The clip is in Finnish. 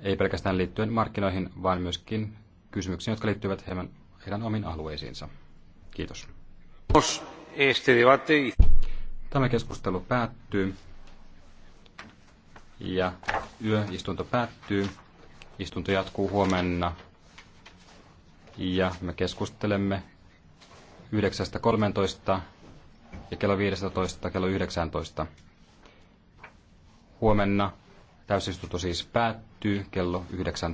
ei pelkästään liittyen markkinoihin, vaan myöskin kysymyksiin, jotka liittyvät heidän, heidän omiin alueisiinsa. Kiitos. Tämä keskustelu päättyy ja yöistunto päättyy. Istunto jatkuu huomenna ja me keskustelemme 9.13 ja kello 15 kello 19. Huomenna Täysistunto siis päättyy kello 19.